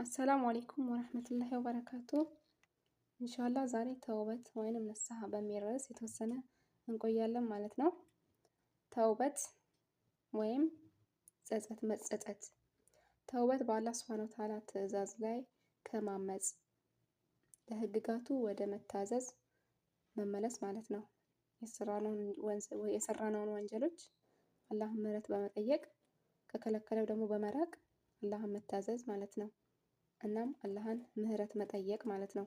አሰላሙ አሌይኩም ወረህመቱላሂ ወበረካቱ። እንሻላ ዛሬ ተውበት ወይንም ንስሐ በሚል ርዕስ የተወሰነ እንቆያለን ማለት ነው። ተውበት ወይም ጸጸት፣ መጸጸት። ተውበት በአላህ ሱብሓነሁ ወተዓላ ትዕዛዝ ላይ ከማመፅ ለህግጋቱ ወደ መታዘዝ መመለስ ማለት ነው። የሰራነውን ወንጀሎች አላህን ምህረት በመጠየቅ ከከለከለው ደግሞ በመራቅ አላህን መታዘዝ ማለት ነው። እናም አላህን ምህረት መጠየቅ ማለት ነው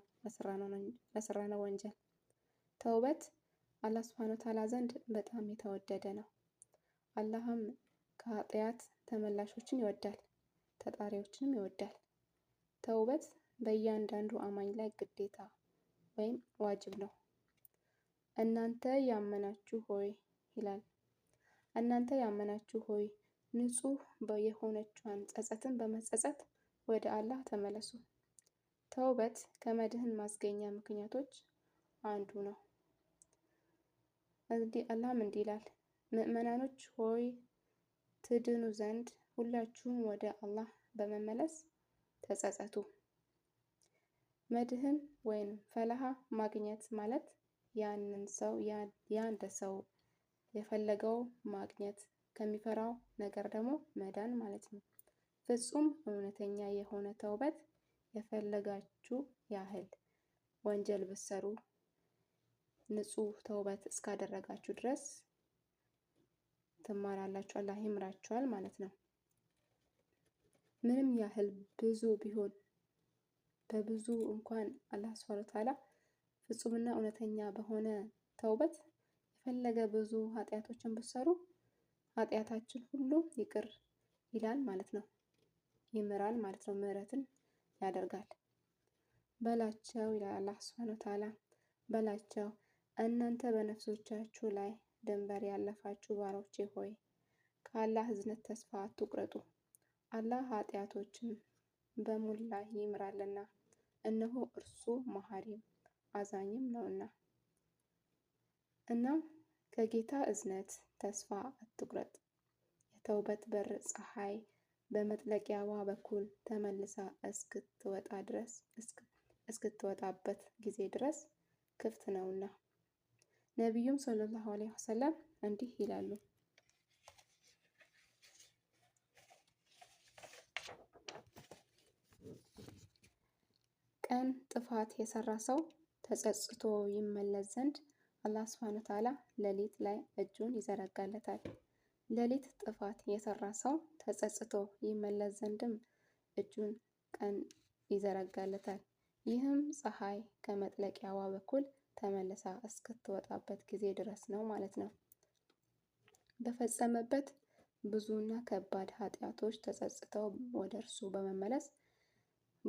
ለሰራነው ወንጀል። ተውበት አላህ ስብሃነ ወተዓላ ዘንድ በጣም የተወደደ ነው። አላህም ከኃጢአት ተመላሾችን ይወዳል፣ ተጣሪዎችንም ይወዳል። ተውበት በእያንዳንዱ አማኝ ላይ ግዴታ ወይም ዋጅብ ነው። እናንተ ያመናችሁ ሆይ ይላል። እናንተ ያመናችሁ ሆይ ንጹህ የሆነችዋን ጸጸትን በመጸጸት ወደ አላህ ተመለሱ። ተውበት ከመድህን ማስገኛ ምክንያቶች አንዱ ነው። እንግዲህ አላህም እንዲህ ይላል፣ ምዕመናኖች ሆይ ትድኑ ዘንድ ሁላችሁም ወደ አላህ በመመለስ ተጸጸቱ። መድህን ወይም ፈለሃ ማግኘት ማለት ያንን ሰው ያንድ ሰው የፈለገው ማግኘት ከሚፈራው ነገር ደግሞ መዳን ማለት ነው። ፍጹም እውነተኛ የሆነ ተውበት የፈለጋችሁ ያህል ወንጀል ብትሰሩ ንጹህ ተውበት እስካደረጋችሁ ድረስ ትማራላችሁ። አላህ ይምራችኋል ማለት ነው። ምንም ያህል ብዙ ቢሆን በብዙ እንኳን አላህ ስብሐ ወተዓላ ፍጹምና እውነተኛ በሆነ ተውበት የፈለገ ብዙ ኃጢአቶችን ብትሰሩ ኃጢአታችን ሁሉ ይቅር ይላል ማለት ነው። ይምራል ማለት ነው። ምህረትን ያደርጋል። በላቸው ይላል አላህ ሱብሓነሁ ወተዓላ በላቸው እናንተ በነፍሶቻችሁ ላይ ድንበር ያለፋችሁ ባሮቼ ሆይ ከአላህ እዝነት ተስፋ አትቁረጡ፣ አላህ ኃጢአቶችን በሙላ ይምራልና እነሆ እርሱ መሐሪም አዛኝም ነውና። እና ከጌታ እዝነት ተስፋ አትቁረጥ። የተውበት በር ፀሐይ በመጥለቂያዋ በኩል ተመልሳ እስክትወጣ ድረስ እስክትወጣበት ጊዜ ድረስ ክፍት ነውና ነቢዩም ሰለላሁ ዐለይሂ ወሰለም እንዲህ ይላሉ። ቀን ጥፋት የሰራ ሰው ተጸጽቶ ይመለስ ዘንድ አላህ ሱብሐነሁ ወተዓላ ሌሊት ላይ እጁን ይዘረጋለታል። ሌሊት ጥፋት የሰራ ሰው ተጸጽቶ ይመለስ ዘንድም እጁን ቀን ይዘረጋለታል። ይህም ፀሐይ ከመጥለቂያዋ በኩል ተመልሳ እስክትወጣበት ጊዜ ድረስ ነው ማለት ነው። በፈጸመበት ብዙና ከባድ ኃጢአቶች ተጸጽተው ወደ እርሱ በመመለስ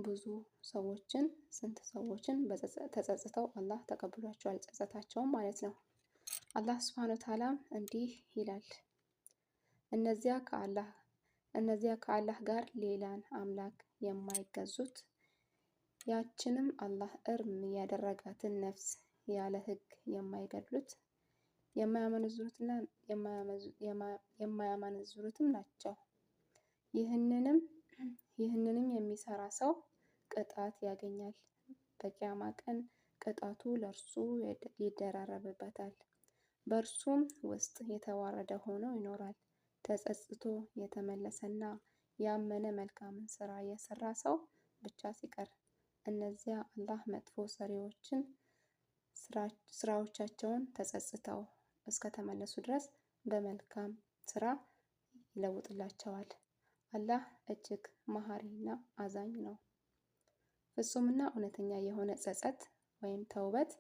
ብዙ ሰዎችን ስንት ሰዎችን ተጸጽተው አላህ ተቀብሏቸዋል ጸጸታቸውም ማለት ነው። አላህ ስብሐነ ወተዓላ እንዲህ ይላል እነዚያ ከአላህ እነዚያ ከአላህ ጋር ሌላን አምላክ የማይገዙት ያችንም አላህ እርም ያደረጋትን ነፍስ ያለ ሕግ የማይገድሉት የማያመነዝሩትም ናቸው። ይህንንም ይህንንም የሚሰራ ሰው ቅጣት ያገኛል። በቂያማ ቀን ቅጣቱ ለእርሱ ይደራረብበታል፣ በእርሱም ውስጥ የተዋረደ ሆኖ ይኖራል። ተጸጽቶ የተመለሰና ያመነ መልካምን ሥራ የሠራ ሰው ብቻ ሲቀር እነዚያ አላህ መጥፎ ሰሪዎችን ስራዎቻቸውን ተጸጽተው እስከተመለሱ ድረስ በመልካም ስራ ይለውጥላቸዋል። አላህ እጅግ መሐሪና አዛኝ ነው። ፍጹምና እውነተኛ የሆነ ጸጸት ወይም ተውበት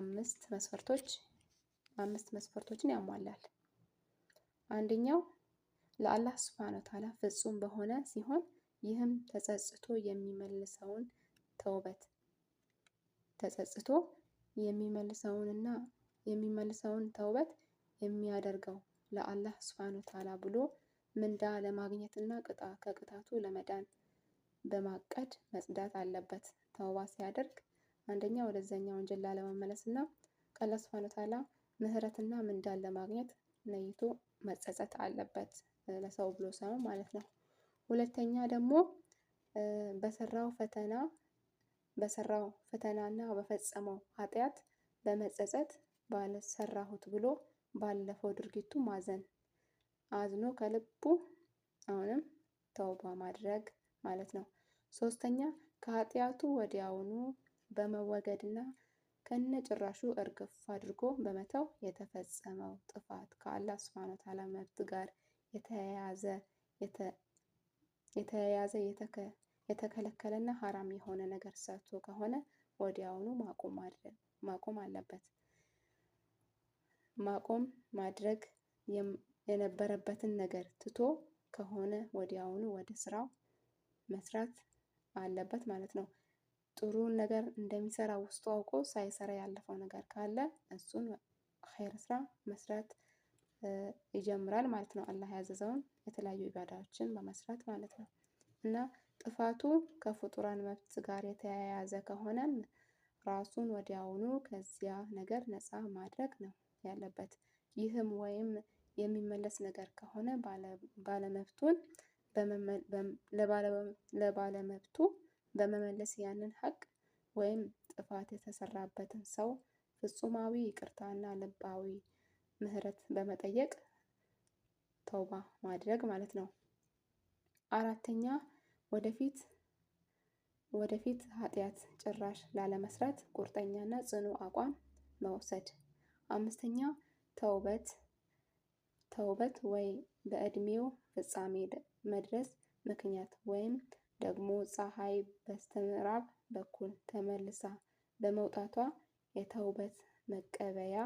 አምስት መስፈርቶች አምስት መስፈርቶችን ያሟላል። አንደኛው ለአላህ ስብሃነ ወተዓላ ፍጹም በሆነ ሲሆን ይህም ተጸጽቶ የሚመልሰውን ተውበት ተጸጽቶ የሚመልሰውንና የሚመልሰውን ተውበት የሚያደርገው ለአላህ ስብሃነ ወተዓላ ብሎ ምንዳ ለማግኘትና ቅጣ ከቅጣቱ ለመዳን በማቀድ መጽዳት አለበት። ተውባ ሲያደርግ አንደኛ ወደዛኛው ወንጀል ላለመመለስና ከአላህ ስብሃነ ወተዓላ ምህረትና ምንዳን ለማግኘት ነይቶ መጸጸት አለበት ለሰው ብሎ ሳይሆን ማለት ነው። ሁለተኛ ደግሞ በሰራው ፈተና በሰራው ፈተናና በፈጸመው ኃጢአት በመጸጸት ባልሰራሁት ብሎ ባለፈው ድርጊቱ ማዘን አዝኖ ከልቡ አሁንም ተውባ ማድረግ ማለት ነው። ሶስተኛ ከኃጢአቱ ወዲያውኑ በመወገድና ከነ ጭራሹ እርግፍ አድርጎ በመተው የተፈጸመው ጥፋት ከአላህ ሱብሓነሁ ወተዓላ መብት ጋር የተያያዘ የተያያዘ የተከለከለና ሀራም የሆነ ነገር ሰርቶ ከሆነ ወዲያውኑ ማቆም አለበት። ማቆም ማድረግ የነበረበትን ነገር ትቶ ከሆነ ወዲያውኑ ወደ ስራው መስራት አለበት ማለት ነው። ጥሩ ነገር እንደሚሰራ ውስጡ አውቆ ሳይሰራ ያለፈው ነገር ካለ እሱን ኸይር ስራ መስራት ይጀምራል ማለት ነው። አላህ ያዘዘውን የተለያዩ ኢባዳዎችን በመስራት ማለት ነው። እና ጥፋቱ ከፍጡራን መብት ጋር የተያያዘ ከሆነ ራሱን ወዲያውኑ ከዚያ ነገር ነፃ ማድረግ ነው ያለበት። ይህም ወይም የሚመለስ ነገር ከሆነ ባለመብቱን ለባለመብቱ በመመለስ ያንን ሀቅ ወይም ጥፋት የተሰራበትን ሰው ፍጹማዊ ይቅርታና ልባዊ ምህረት በመጠየቅ ተውባ ማድረግ ማለት ነው። አራተኛ ወደፊት ወደፊት ኃጢአት ጭራሽ ላለመስራት ቁርጠኛና ጽኑ አቋም መውሰድ። አምስተኛ ተውበት ተውበት ወይ በእድሜው ፍጻሜ መድረስ ምክንያት ወይም ደግሞ ፀሐይ በስተምዕራብ በኩል ተመልሳ በመውጣቷ የተውበት መቀበያ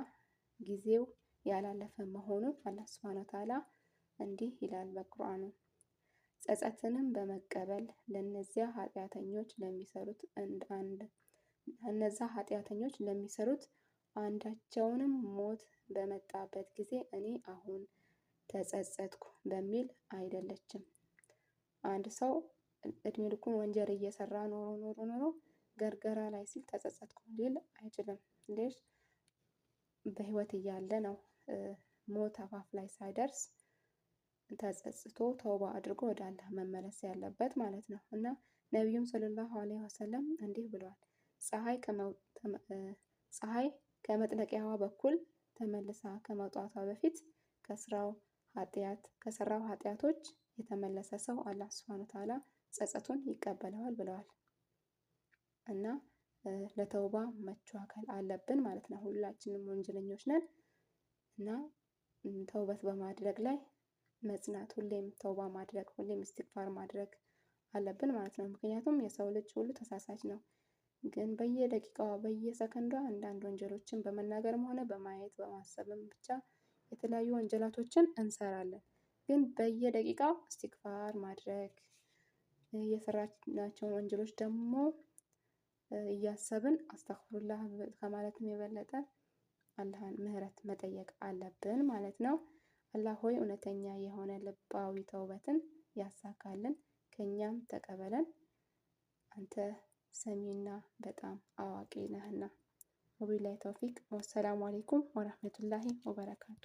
ጊዜው ያላለፈ መሆኑን አላህ ሱብሐነሁ ወተዓላ እንዲህ ይላል በቁርአኑ። ጸጸትንም በመቀበል ለነዚያ ኃጢአተኞች ለሚሰሩት አንድ እነዛ ኃጢአተኞች ለሚሰሩት አንዳቸውንም ሞት በመጣበት ጊዜ እኔ አሁን ተጸጸትኩ በሚል አይደለችም። አንድ ሰው እድሜ ልኩን ወንጀል እየሰራ ኖሮ ኖሮ ኖሮ ገርገራ ላይ ሲል ተጸጸትኩ ሊል አይችልም። እንዴት በህይወት እያለ ነው ሞት አፋፍ ላይ ሳይደርስ ተጸጽቶ ተውባ አድርጎ ወደ አላህ መመለስ ያለበት ማለት ነው። እና ነቢዩም ሰለላሁ ዐለይሂ ወሰለም እንዲህ ብለዋል፣ ፀሐይ ከመጥለቂያዋ በኩል ተመልሳ ከመውጣቷ በፊት ከስራው ከሰራው ኃጢአቶች የተመለሰ ሰው አላህ ሱብሓነሁ ወተዓላ ጸጸቱን ይቀበለዋል ብለዋል። እና ለተውባ መቻከል አለብን ማለት ነው። ሁላችንም ወንጀለኞች ነን እና ተውበት በማድረግ ላይ መጽናት፣ ሁሌም ተውባ ማድረግ፣ ሁሌም እስትግፋር ማድረግ አለብን ማለት ነው። ምክንያቱም የሰው ልጅ ሁሉ ተሳሳች ነው። ግን በየደቂቃዋ በየሰከንዷ አንዳንድ ወንጀሎችን በመናገርም ሆነ በማየት በማሰብም ብቻ የተለያዩ ወንጀላቶችን እንሰራለን። ግን በየደቂቃው እስትግፋር ማድረግ የሰራናቸውን ወንጀሎች ደግሞ እያሰብን አስተክፍሩላህ ከማለትም የበለጠ አላህን ምህረት መጠየቅ አለብን ማለት ነው። አላህ ሆይ እውነተኛ የሆነ ልባዊ ተውበትን ያሳካልን፣ ከኛም ተቀበለን፣ አንተ ሰሚና በጣም አዋቂ ነህና። ወቢላይ ተውፊቅ ወሰላሙ አሌይኩም ወረህመቱላሂ ወበረካቱ።